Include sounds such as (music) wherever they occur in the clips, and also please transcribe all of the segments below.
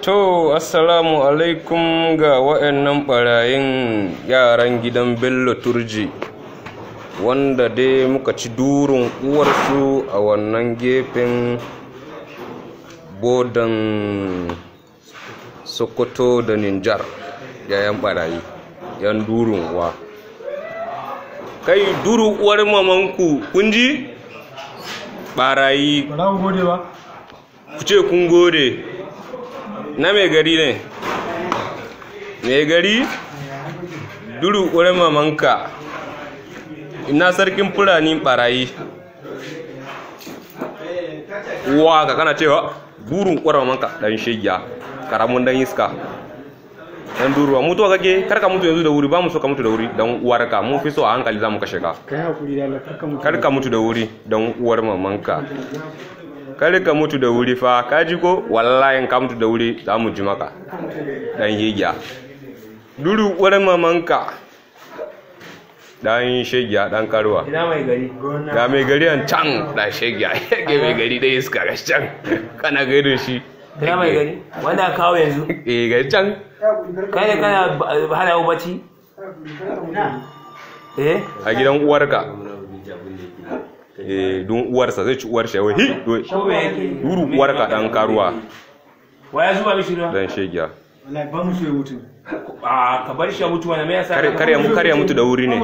To, Assalamu alaikum ga wa'annan ɓarayin yaran gidan Bello Turji, wanda dai muka ci durin uwarsu a wannan gefen bodan Sokoto da Ninjar, yayan ɓarayi, yan durin wa? Kai, duru uwar mamanku, kun ji? Ɓarayi. ku ce kun gode. na mai gari ne mai gari duru ƙuren mamanka ina sarkin fulani ɓarayi wa ka kana cewa burin ƙuren mamanka ɗan shigiya ƙaramin ɗan iska dan duruwa mutuwa kake kar ka mutu yanzu da wuri ba mu so ka mutu da wuri dan ka mun fi so a hankali za mu kashe ka kai hakuri da Allah kar ka mutu da wuri dan uwar mamanka kare ka mutu da wuri fa ka ji ko wallahi ka mutu da wuri za mu ji maka dan higiya duru wurin mamanka dan shegiya dan karuwa mai gari ga mai gari an can dan shegiya (laughs) ga mai gari dai iska ga can (laughs) kana gaido shi ga mai gari wanda kawo yanzu (laughs) eh ga can kai ne kana hana bacci eh a gidan uwarka Eh, don uwarsa zai ci uwar shawai hi duru uwar ka dan karuwa waya zuwa mishi ruwa dan shegiya wallahi ba mu ya mutu a ka bar shi ya mutu wani me yasa kare mu kare mutu da wuri ne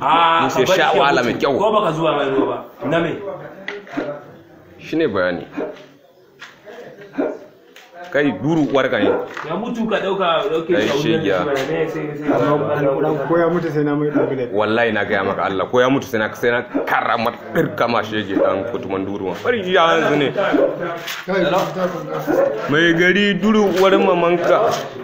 a ka bar ya sha wala mai kyau ko baka zuwa mai ruwa ba na me shine bayani kai duru uwar ka ne ya mutu ka dauka dauke shi sai amma ko ya mutu sai na mai dubule wallahi na ga maka Allah ko ya mutu sai na sai na karama dir kama shege dan kutuman duru duruwa bari iya yanzu ne mai gari duru uwar mamanka